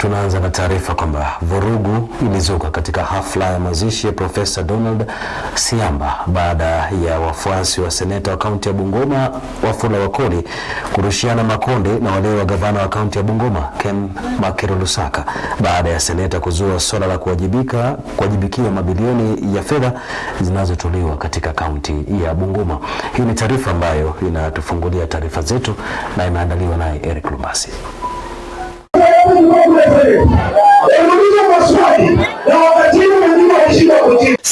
Tunaanza na taarifa kwamba vurugu ilizuka katika hafla ya mazishi ya Profesa Donald Siamba baada ya wafuasi wa seneta wa kaunti ya Bungoma Wafula Wakoli kurushiana makonde na wale wa gavana wa kaunti ya Bungoma Ken Makero Lusaka baada ya seneta kuzua suala la kuwajibika kuwajibikia mabilioni ya fedha zinazotolewa katika kaunti ya Bungoma. Hii ni taarifa ambayo inatufungulia taarifa zetu na imeandaliwa naye Eric Lumbasi.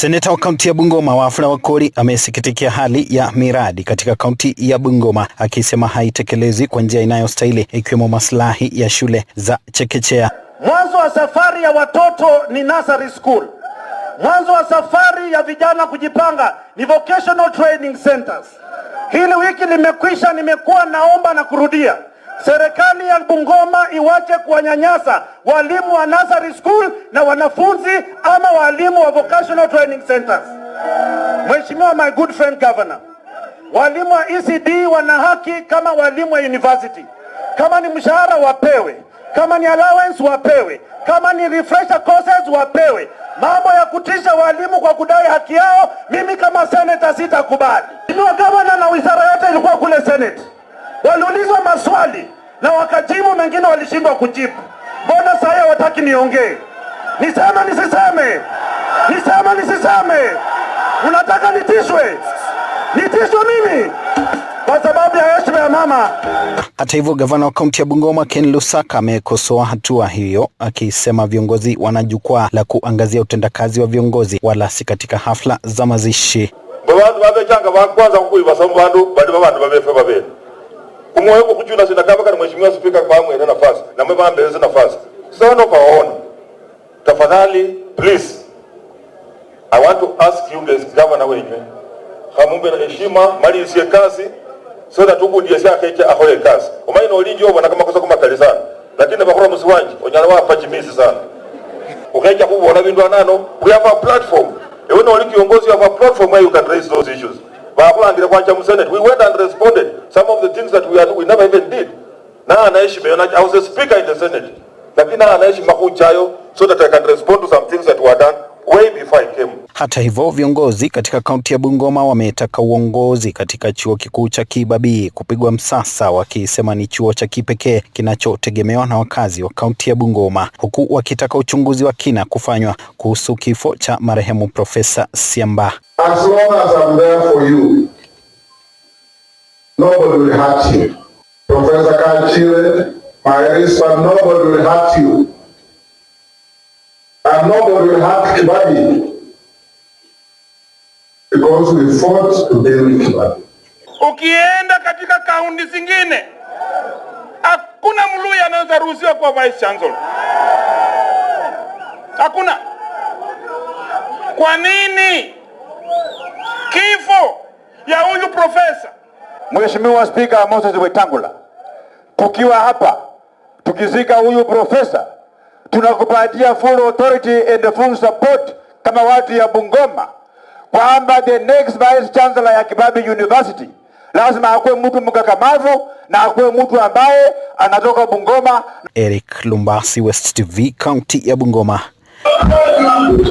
Seneta wa kaunti ya Bungoma Wafula Wakoli amesikitikia hali ya miradi katika kaunti ya Bungoma akisema haitekelezi kwa njia inayostahili ikiwemo maslahi ya shule za chekechea. Mwanzo wa safari ya watoto ni nursery school. Mwanzo wa safari ya vijana kujipanga ni vocational training centers. Hili wiki limekwisha, nimekuwa naomba na kurudia Serikali ya Bungoma iwache kuwanyanyasa walimu wa nursery school na wanafunzi ama walimu wa vocational training centers. Mheshimiwa, my good friend governor, walimu wa ECD wana haki kama walimu wa university. Kama ni mshahara wapewe, kama ni allowance wapewe, kama ni refresher courses wapewe. Mambo ya kutisha walimu kwa kudai haki yao, mimi kama senator sitakubali. Mheshimiwa governor, na wizara yote ilikuwa kule senate Waliulizwa maswali na wakajibu, mengine walishindwa kujibu. Mbona saa hawataki niongee? Niseme nisiseme? Niseme nisiseme? Unataka nitishwe? Nitishwe mimi kwa sababu ya heshima ya mama. Hata hivyo, gavana wa kaunti ya Bungoma Ken Lusaka amekosoa hatua hiyo akisema viongozi wana jukwaa la kuangazia utendakazi wa viongozi wala si katika hafla za mazishi kuchuna kumwe kukuchula sinakabakana mheshimiwa spika amu ile nafasi na mwebambe ile nafasi kwa waona tafadhali please I want to ask you guys governor wenye hamumbe na heshima mali isiye kazi so that uku ndiye saka icha ahoye kazi umayi no linjo bona kama kosa kuma kali sana lakini bakura musiwanje onyala wapa chimisi sana ukeja ukaja kubona bintu anano we have a platform ewe no linjo kiongozi have a platform where you can raise those issues bakulangire kwa chamusene we went and responded some of the things that we, are, we never even did na anaishi I was a speaker in the senate lakini na anaishi makuchayo so that I can respond to some things that were done way before I came. Hata hivyo viongozi katika kaunti ya Bungoma wametaka uongozi katika chuo kikuu cha Kibabii kupigwa msasa, wakisema ni chuo cha kipekee kinachotegemewa na wakazi wa kaunti ya Bungoma, huku wakitaka uchunguzi wa kina kufanywa kuhusu kifo cha marehemu Profesa Siamba. As as long nobody will hurt you. Professor Kanchile, my respect, nobody will hurt you. And nobody will hurt Kibaki. Because we fought to with Kibaki. Ukienda katika kaunti zingine, hakuna Mluya anaweza ruhusiwa kuwa vice chancellor. Hakuna. Kwa nini? Kifo ya huyu profesa Mheshimiwa Spika Moses Wetangula, tukiwa hapa tukizika huyu profesa, tunakupatia full authority and full support kama watu ya Bungoma kwamba the next vice chancellor ya Kibabi University lazima akuwe mtu mkakamavu na akuwe mtu ambaye anatoka Bungoma. Eric Lumbasi, West TV, kaunti ya Bungoma.